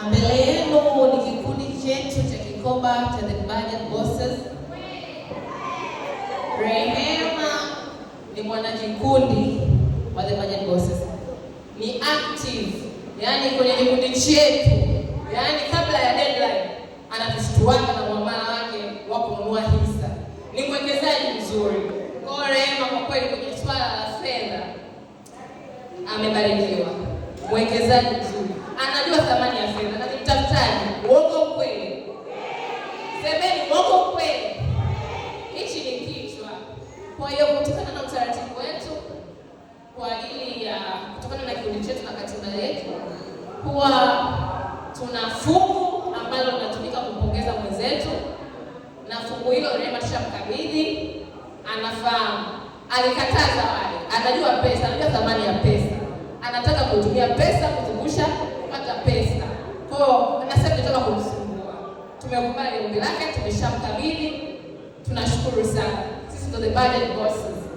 Ah, mbele yenu ni kikundi chetu cha Kikoba cha The Burden Bosses. Rehema ni mwanakikundi wa The Burden Bosses, ni active, yaani kwenye kikundi chetu, yaani kabla ya deadline anatushtuaka na muamala wake wa kununua hisa. Ni mwekezaji mzuri kwa Rehema, kwa kweli kwenye swala la fedha amebarikiwa, mwekezaji mzuri, anajua thamani Kwa hiyo kutokana na utaratibu wetu kwa ajili ya kutokana na kikundi chetu na katiba yetu, huwa tuna fungu ambalo linatumika kumpongeza mwenzetu, na fungu hilo Rehema tushamkabidhi, anafahamu. Alikataa zawadi, anajua pesa, anajua thamani ya pesa, anataka kutumia pesa kuzungusha kupata pesa, kwao hiyo anasema tunataka kumsumbua. Tumekubali ombi lake, tumeshamkabidhi, tunashukuru sana. the burden bosses